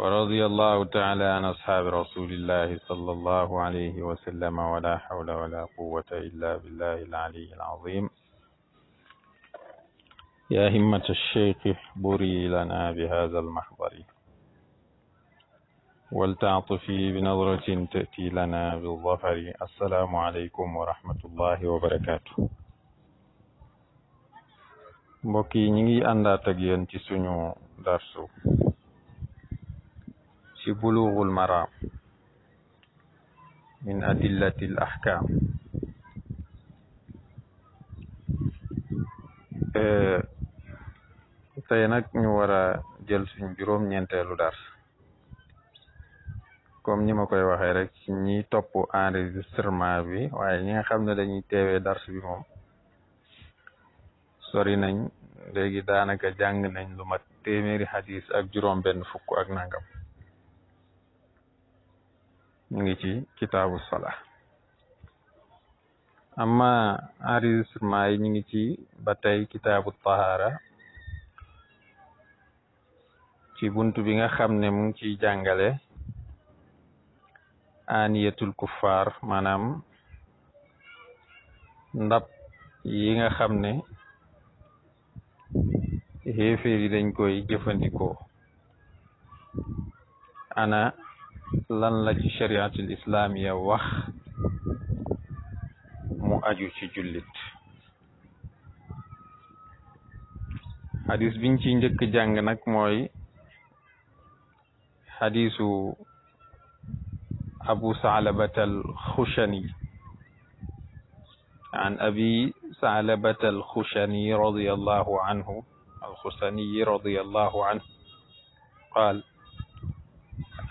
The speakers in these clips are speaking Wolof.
ورضي الله تعالى عن أصحاب رسول الله صلى الله عليه وسلم ولا حول ولا قوة إلا بالله العلي العظيم يا همة الشيخ احبري لنا بهذا المحضر ولتعطفي بنظرة تأتي لنا بالظفر السلام عليكم ورحمة الله وبركاته بكي نيجي أن لا تجي أنت سنو درسو ci bulughul maram min adillati ahkam tey nag ñu war a jël suñ juróom ñeenteelu dars comme ni ma koy waxee rek ñi topp enregistrement bi waaye ñi nga xam ne dañuy teewee dar bi moom sori nañ léegi daanaka jàng nañ lu mat téeméeri xadis ak juróom benn fukk ak nangam ñu ngi ci kitaabu sola amma enregistrement yi ñu ngi ci ba tey kitaabu tahaara ci bunt bi nga xam ne mu ngi ciy jàngale aniyatul kuffaar maanaam ndab yi nga xam ne xéeféer yi dañ koy jëfandikoo ana lan la ci shariatu l'islam ya wax mu aju ci julit xadis biñ ci ñëk jàng nak moy xadisu abu saalabat al xushani عن أبي ثعلبة الخشني رضي الله عنه الخشني رضي الله عنه قال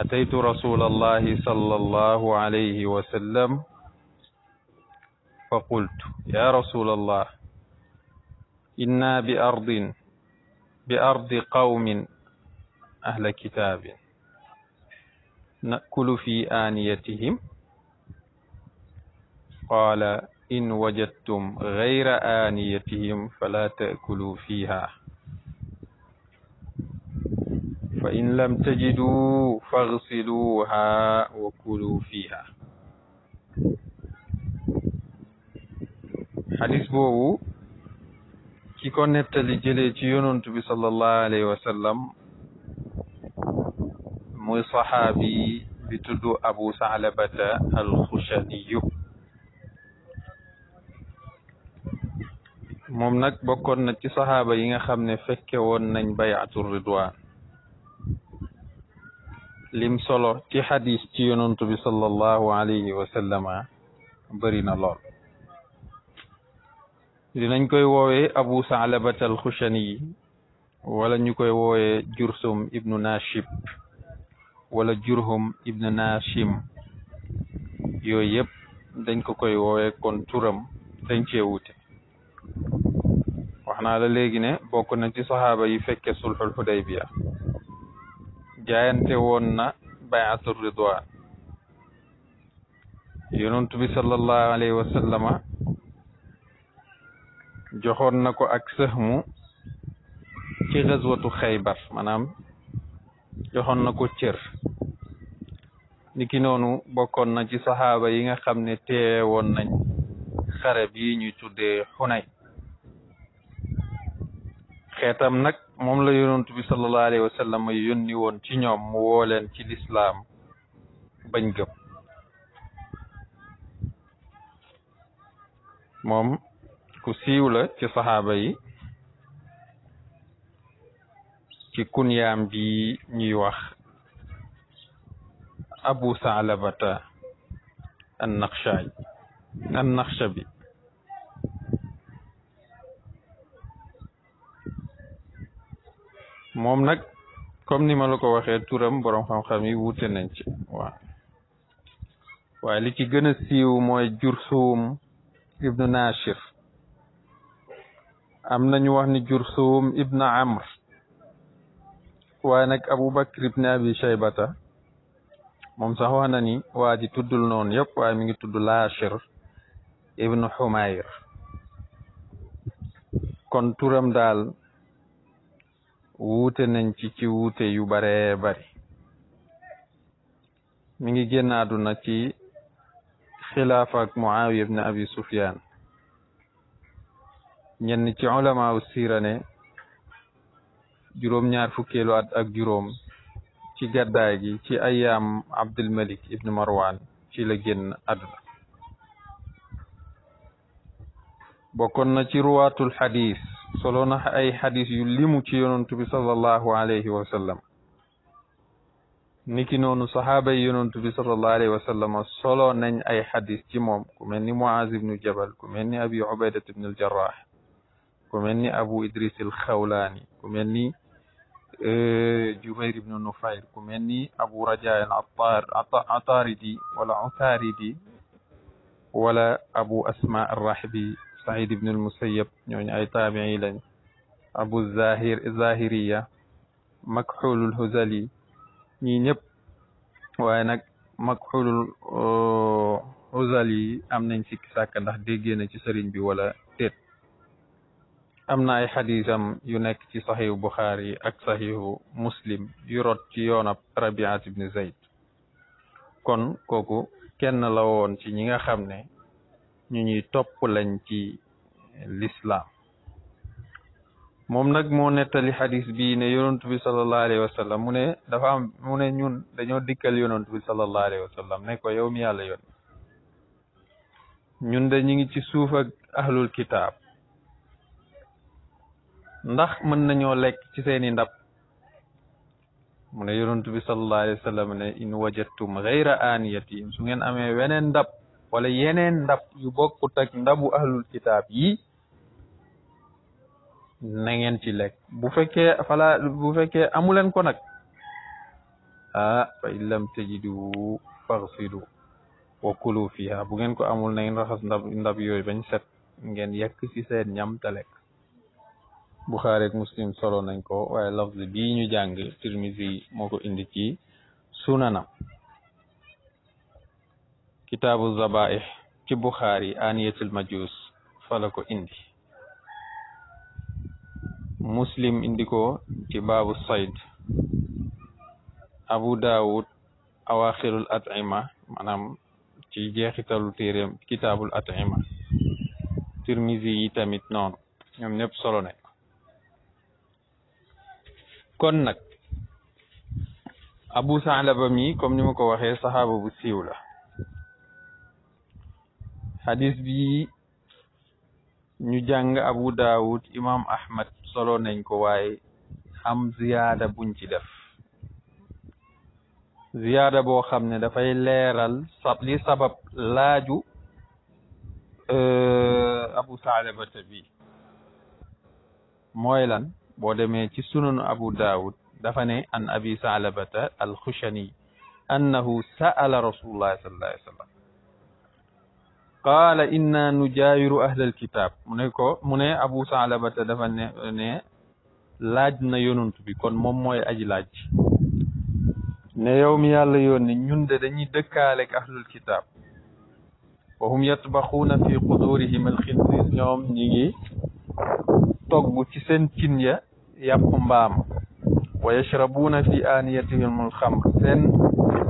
أتيت رسول الله صلى الله عليه وسلم فقلت يا رسول الله إنا بأرض بأرض قوم أهل كتاب نأكل في آنيتهم قال إن وجدتم غير آنيتهم فلا تأكلوا فيها فإن لم تجدوا فاغسلوها وكلوا فيها حديث بو كي كون نتالي جلي تي بي صلى الله عليه وسلم موي صحابي بتدو ابو ثعلبة الخشني mom nak نتي na ci sahaba yi nga xamne fekke lim solo ci xadis ci yonantu bi sallallahu alayhi wa sallama bëri na lool dinañ koy woowee abu saalabat alxushani yi wala ñu koy woowee jursum ibnu nashib wala jurhum ibnu nashim yooyu yëpp dañ ko koy woowee kon turam dañ cee wuute wax naa la léegi ne bokk na ci saxaaba yi fekke sulxul xudaybiya jaayante woon na bay'atul ridwan yonent bi sallallahu alayhi wa sallama joxoon na ko ak sëxmu ci xaswatu xaybar maanaam joxoon na ko cër niki noonu bokkoon na ci saxaaba yi nga xam ne teewoon nañ xare bi ñuy tuddee xunay xeetam nag moom la yonent bi sallallahu alayhi wa sallam yónni woon ci ñoom mu ci lislaam bañ gëm moom ku siiw la ci saxaaba yi ci kunyaam bi ñuy wax abu saalabata an naqshaay an naqsha bi moom nag comme ni ma la ko waxee turam borom xam-xam yi wuute nañ ci waaw waaye li ci gën a siiw mooy Jursuum am nañu wax ni Jursuum ibnu Amr waaye nag Abu Bakr ibn Abi Shaybata moom sax wax nani ni waa ji tuddul noon yëpp waaye mi ngi tudd Laashir ibnu Xumayr kon turam daal wuute nañ ci ci wuute yu baree bari mi ngi génn àdduna ci xilaafa ak muawiya ibn abi sufyan ñenn ci ulama u siira ne juróom ñaar fukkeelu at ak juróom ci gàddaay gi ci ayyaam abdul malik ibn marwan ci la génn àdduna bokkoon na ci ruwaatul xadiis solo na ay xadis yu limu ci yonantu bi sallallahu alayhi wa sallam niki noonu saxaaba yi yonantu bi sallallahu alayhi wa sallam solo nañ ay xadis ci moom ku mel ni Muaz ibnu Jabal ku mel ni Abi Ubaydat ibnu al-Jarrah ku mel ni Abu Idris al-Khawlani ku mel ni Jubayr ibnu Nufayr ku mel ni Abu Raja al-Attar Ataridi wala Utaridi wala Abu Asma al-Rahbi سعيد بن المسيب ñooñu ay taabi'i lañ abu zahir zahiriya makxulul huzali ñi ñëpp waaye nag makxulul huzali am nañ sikki sàkk ndax déggee na ci sëriñ bi wala déet am na ay xadisam yu nekk ci saxihu buxaari ak saxihu muslim yu rot ci yoonab rabiat ibni zayd kon kooku kenn la woon ci ñi nga xam ne ñu ñuy topp lañ ci lislaam moom nag moo nettali xadis bi ne yonantu bi sallallahu alayhi wa mu ne dafa am mu ne ñun dañoo dikkal yonantu bi sallallahu alayhi wa ne ko yow mi yàlla yoon ñun de ñu ngi ci suuf ak ahlul kitaab ndax mën nañoo lekk ci seeni ndab mu ne yonantu bi sallallahu alayhi wa sallam ne in wajadtum gayra aaniyatin su ngeen amee weneen ndab wala yeneen ndab yu bokkut ak ndabu ahlul kitaab yi na ngeen ci lekk bu fekkee fala bu amuleen ko nag ah fa in lam tajidu faghsilu wa kulu fiha bu ngeen ko amul na ngeen raxas ndab ndab yooyu bañ set ngeen yekk ci seen ñam ta lekk Buxaari ak Muslim solo nañ ko waaye lafz bi ñu jàng Tirmisi moo ko indi ci sunanam kitaabu zabaih ci buxaari aniyatul majus fala ko indi muslim indi ko ci baabu sayd abu daawud awaxirul atima maanaam ci jeexitalu téeréem kitaabul atima tirmisi yi noonu ñoom ñëpp solo nañ kon nag abu saalaba mi comme ni ko waxe saxaaba bu siiw la xadis bi ñu jàng abu daawud imam ahmad solo nañ ko waaye am ziyaada buñ ci def ziyaada boo xam ne dafay leeral sab li sabab laaju abu saalabata bi mooy lan boo demee ci sunanu abu daawud dafa ne an abi saalabata alxushani annahu sa'ala rasulullah sallallahu alayhi wa sallam قال إنا نجاير أهل الكتاب منيكو مني أبو سعلبة دفا ني لاج نا يونن تبي كون موم موي اج لاج ني يوم يالا يوني نيون دي دانيي دكالك أهل الكتاب وهم يطبخون في قدورهم الخنزير يوم نيغي توغو سي سين تين يا ويشربون في آنيتهم الخمر سين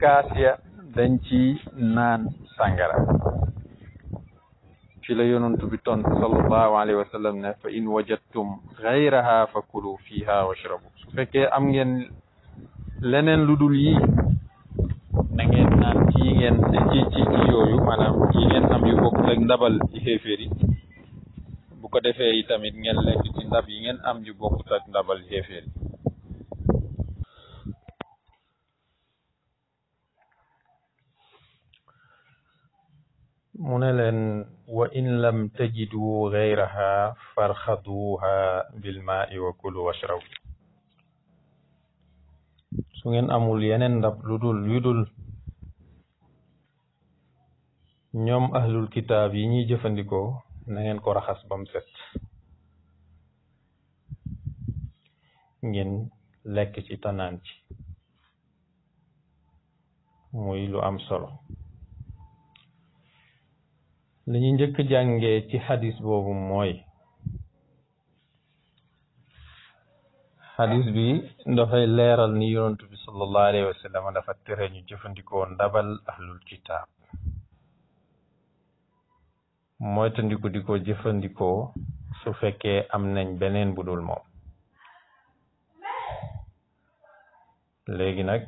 كاسيا دانتي نان سانجرا ci la yonantu bi tont sallallahu alayhi wa ne fa in wajadtum xayraha fa kulu fiha washrabu su am ngeen leneen lu dul yi na ngeen naan ci ngeen ci ci yooyu maanaam ci ngeen am yu bokk ak ndabal ci xéeféer yi bu ko defee itamit ngeen lekk ci ndab yi ngeen am yu bokkut ak ndabal xéeféer yi mu wa in lam tajidu gayraha farxaduha bilmaai wa kulu washraw su ngeen amul yeneen ndab lu dul yu dul ñoom ahlul kitaab yi ñuy jëfandikoo na ngeen ko raxas bam set ngeen lekk ci tanaan ci muy lu am solo li ñu njëkk jànge ci xadis boobu mooy xadis bi dafay leeral ni yonent bi sallallahu alayhi dafa tere ñu jëfandikoo ndabal ahlul kitaab moytandiku di ko jëfandikoo su fekkee am nañ beneen bu dul moom léegi nag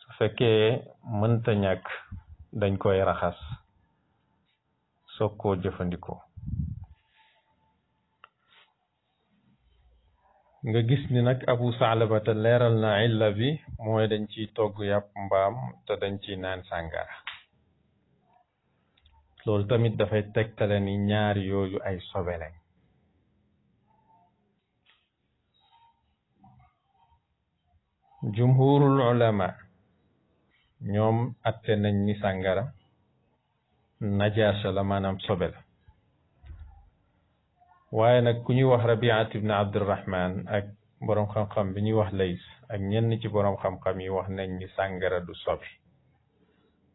su fekkee mënta ñàkk dañ koy raxas soog koo jëfandikoo nga gis ni nag abu saalabata leeral na illa bi mooy dañ ciy togg yàpp mbaam te dañ ciy naan sàngara loolu tamit dafay tegtale ni ñaari yooyu ay sobe lañ jumhurul ulama ñoom atte nañ ni sàngara najaasa la maanaam sobe la waaye nag ku ñuy wax rabiat ibn abdurahman ak boroom xam-xam bi ñuy wax lays ak ñenn ci boroom xam-xam yi wax nañ ni sàngara du sobe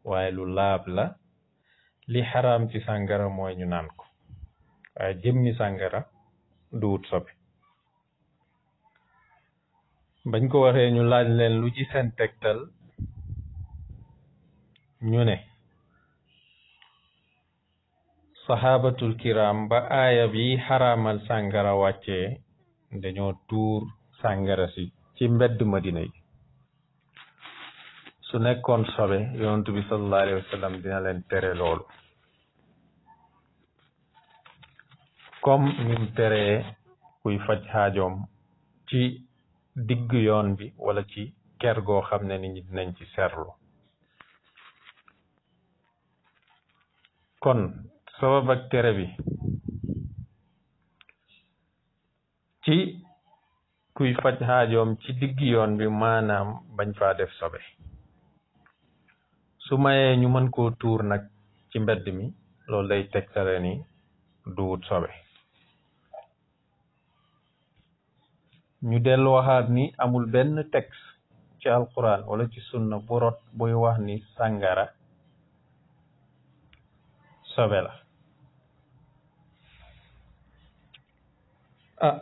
waaye lu laab la li xaram ci sàngara mooy ñu naan ko waaye jëmmi sàngara du wut sobe bañ ko waxee ñu laaj leen lu ci seen tegtal ñu ne sahabatul kiram ba aaya bi xaramal sàngara wàccee dañoo tuur sàngara si ci mbedd madina yi su nekkoon sobe yonent bi sallallahu alayhi wa dina leen tere loolu comme nim teree kuy faj xaajoom ci digg yoon bi wala ci ker goo xam ne nit ñi dinañ ci seerlu kon sabab ak tere bi ci kuy faj xaajoom ci digg yoon bi maanaam bañ fa def sobe su mayee ñu mën koo tuur nag ci mbedd mi loolu day tegtale ni duwut sobe ñu dellu waxaat ni amul benn texte ci alquran wala ci sunna bu rot buy wax ni sàngara sobe la ah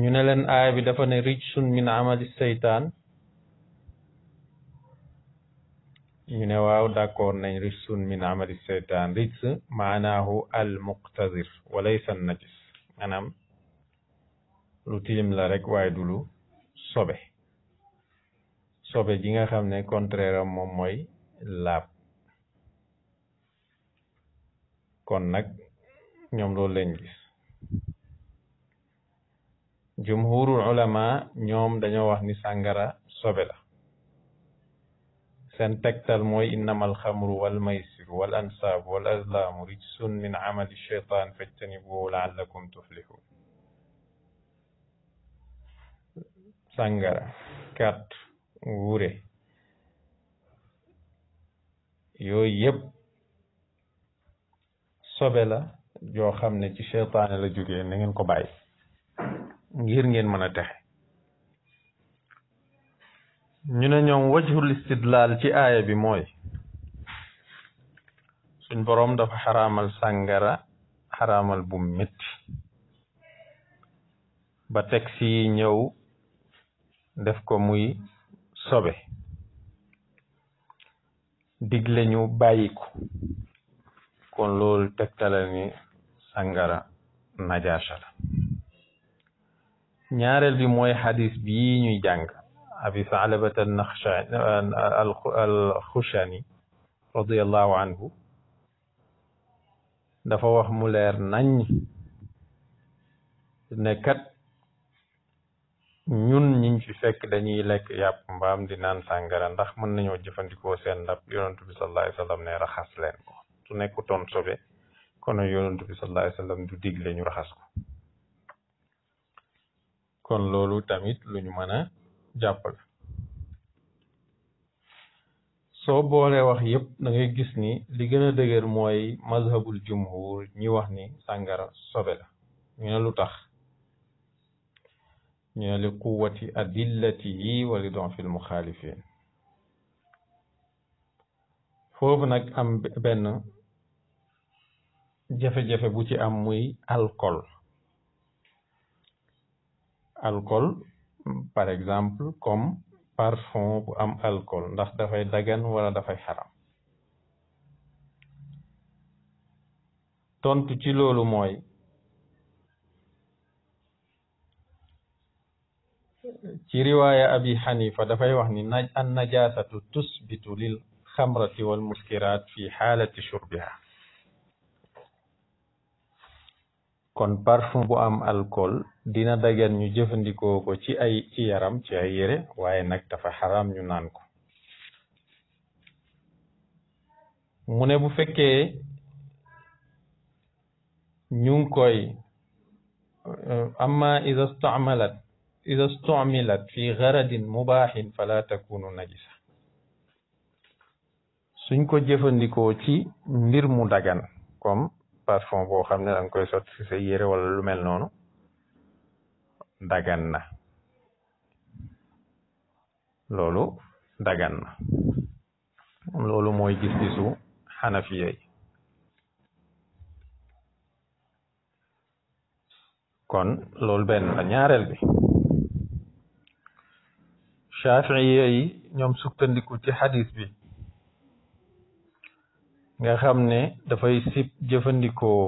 ñu ne leen aaya bi dafa ne rijsun min amali seytaan ñu ne waaw d'accord nañ rijsun min amali seytaan rijs maanaahu al muqtadir walaysa najis anam lu tim la rek waaye du lu sobe sobe ji nga xam ne contraire moom mooy laab kon nag ñoom loolu lañ gis جمهور العلماء نيوم دانيو واخ ني سانغارا صوبلا سن تكتل موي انما الخمر والميسر والانساب والازلام رجس من عمل الشيطان فاجتنبوه لعلكم تفلحون سانغارا كات غوري يو يب صوبلا جو خامني سي شيطان لا جوغي نين كو باي ngir ngeen mën a texe ñu ne ñoom wajhul laal ci aaya bi mooy suñ boroom dafa xaramal sàngara xaramal bu métti ba taxi yi ñëw def ko muy sobe digle ñu bàyyi ko kon loolu tegtale ni sàngara najaasa la ñaareel bi mooy xadis bii ñuy jàng abi saalabat al xushani radiallahu anhu dafa wax mu leer nañ ne kat ñun ñiñ fi fekk dañuy lekk yàpp mbaam di naan sàngara ndax mën nañoo jëfandikoo seen ndab yonentu bi sallallahu alayhi wasallam ne raxas leen ko su nekkutoon sobe kono yonentu bi sallallahu alayhi du digle ñu raxas ko kon loolu tamit lu ñu mën a jàpp la soo boole wax yépp dangay gis ni li gën dëgër mooy mazhabul jumhur ñi wax ni sàngara sobe la ñu lu tax ñu ne li quwati adillatihi wa li don fil muxaalifin foofu nag am benn jafe-jafe bu ci am muy alcool alcool par exemple comme parfum bu am alcool ndax dafay dagan wala dafay xaram tontu ci loolu mooy ci riwaaya abi xanifa dafay wax ni an najasatu tusbitu lil xamrati wal fi xaalati shurbiha kon parfum bu am alcool dina dagan ñu jëfandikoo ko ci ay ci yaram ci ay yére waaye nag dafa xaraam ñu naan ko mu ne bu fekke ñu koy eh, amma ida stamalat ida stumilat fi garadin mubaaxin fala takunu najisa suñ ko jëfandikoo ci mbir mu dagan comme parfum boo xam ne da koy sotti si sa yére wala lu mel noonu dagan na loolu dagan na loolu mooy gis-gisu xanafiya yi kon loolu benn la ñaareel bi shafiiya ñoom sukkandiku ci xadis bi nga xam ne dafay sib jëfandikoo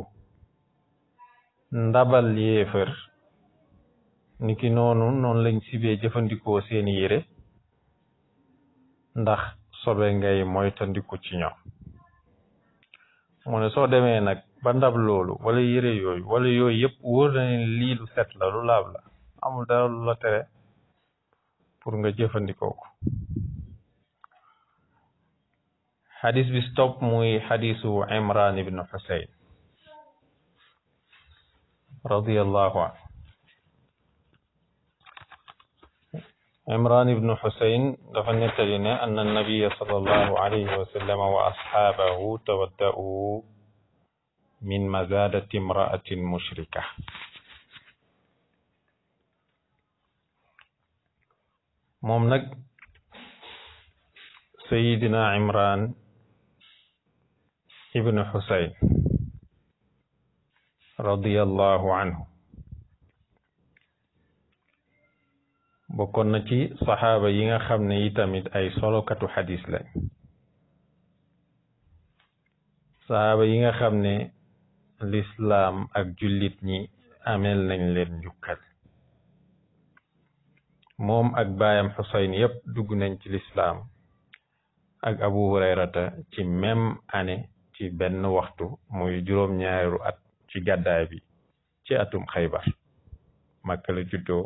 ndabal yéefër ki noonu noonu lañ sibee jëfandikoo seeni yére ndax sobe ngay moytandiku ci ñoom mu ne soo demee nag ba ndab loolu wala yére yooyu wala yooyu yëpp wóor na ne lii set la lu laab la amul dara la tere pour nga jëfandikoo حديث بستوب موي حديث عمران بن حسين رضي الله عنه عمران بن حسين دفنت لنا أن النبي صلى الله عليه وسلم وأصحابه تودأوا من مزادة امرأة مشركة مومنك سيدنا عمران ibnu Xusayn radiyallahu anhu bokkoon na ci saxaaba yi nga xam ne yi tamit ay solokatu xadis lañ saxaaba yi nga xam ne lislaam ak jullit ñi amel nañ leen njukkal moom ak bayam Xusayn yëpp dugg nañ ci lislaam ak Abu Hurayrata ci même année ci benn waxtu muy juróom-ñaaru at ci gàddaay bi ci atum xaybar Makka la juddoo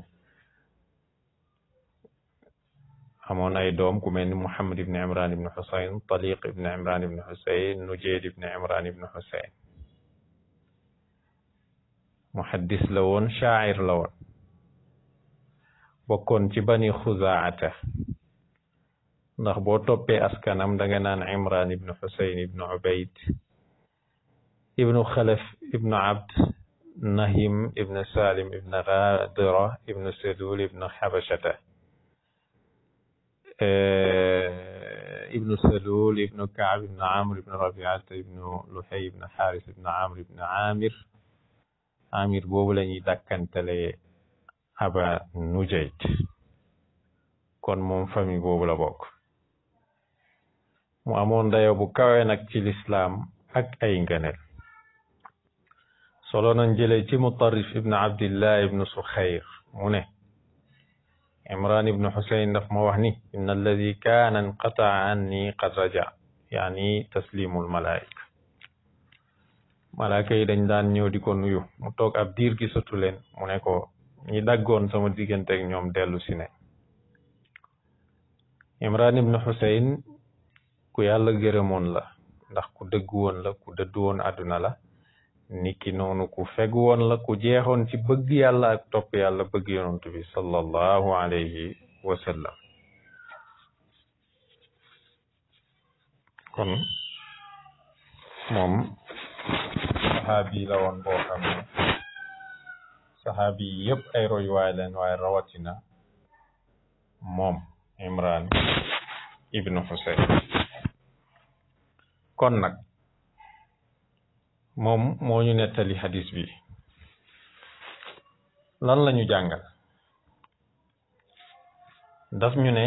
amoon ay doom ku mel ni Muhammad ibn Imran ibn Husayn Taliq ibn Imran ibn Husayn Nujayd ibn Imran ibn Husayn muhaddis la ci bani xuzaata ndax boo toppee askanam da nga naan imran ibn husayn ibn ubayd ibn khalaf ibn abd nahim ibn salim ibn radira ibn sadul ibnu xabashata ابن سلول ابن كعب ابن عامر ابن ربيعة ابن لحي ابن حارث ابن عامر ابن عامر عامر بوبلني دكنت لي أبا نجيت كون من فمي بوبلا بوك mu amoon dayo bu kawe nag ci lislaam ak ay ngëneel solo nañ jëlee ci mutarrif ibn abdillah ibn suxayr mu ne imran ibn xusayn daf ma wax ni in alladi kaana inqataa anni qad raja yaani taslimul malaayika malaaka yi dañ daan ñëw di ko nuyu mu toog ab diir gisatu leen ko ñi daggoon sama digganteeg ñoom dellu si ne imran ibn xusayn ku yàlla gërëmoon la ndax ku dëgg woon la ku dëdd woon àdduna la niki noonu ku fegu woon la ku jeexoon ci bëgg yàlla ak topp yàlla bëgg yonent bi sallallahu alayhi wa kon moom saxaabi la woon xam ne saxaabi yi ay royuwaay leen waaye rawatina moom imran ibnu Husayn kon nag moom mooñu ñu nettali hadis bi lan la ñu jàngal daf ñu ne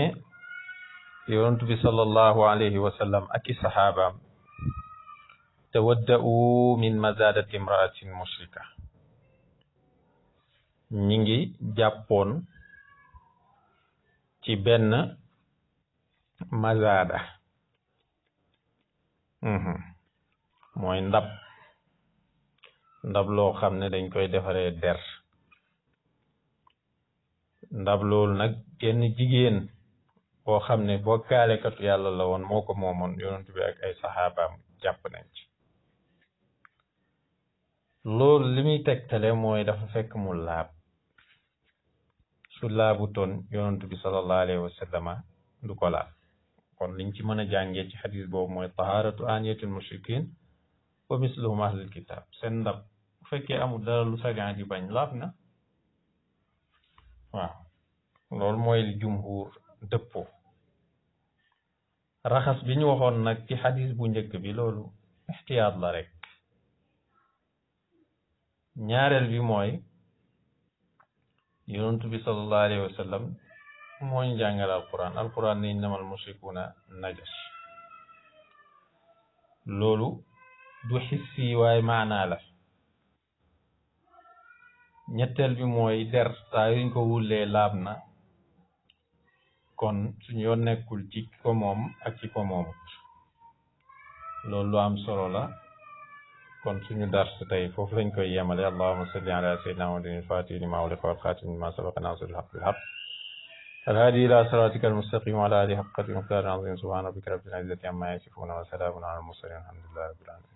yonent bi sallallahu alayhi wa sallam ak i saxaabaam tawadda'u min mazadati imra'atin mushrika ñi ngi jàppoon ci benn mazada Mhm. mooy ndab ndab loo xam ne dañ koy defaree der ndab loolu nag genn jigéen boo xam ne bokkaalekatu yàlla la woon moo ko moomoon bi ay saxaabaam jàpp nañ ci loolu li muy tegtale mooy dafa fekk mu laab su laabu toon yonent bi sallallahu alayhi wa sallama du laab kon liñ ci mën a jàngee ci xadis boobu mooy taharatu aniyatul mushrikin wa misluhum ahlul kitab seen ndab bu fekkee amul dara lu sagan di bañ laab na waaw loolu mooy li jumhur dëppoo raxas bi ñu waxoon nag ci xadis bu njëkk bi loolu ixtiyaat la rek ñaareel bi mooy yonent bi sallallahu alayhi wa sallam mooy njàngal alquran alquran ni innamal musrikuuna najas loolu du xissi waaye maanaa la ñetteel bi mooy der saa yuñ ko wullee laab kon suñu yoon nekkul ci ko moom ak ci ko moomut loolu am solo la kon suñu dars tey foofu lañ koy yemale allahumma salli ala sayyidina muhammadin fatihi lima ughliqa khatimi lima sabaqa nasiril haqqi الهادي إلى صراطك المستقيم وعلى آله حق المختار العظيم سبحان ربك رب العزة عما يصفون وسلام على المرسلين الحمد لله رب العالمين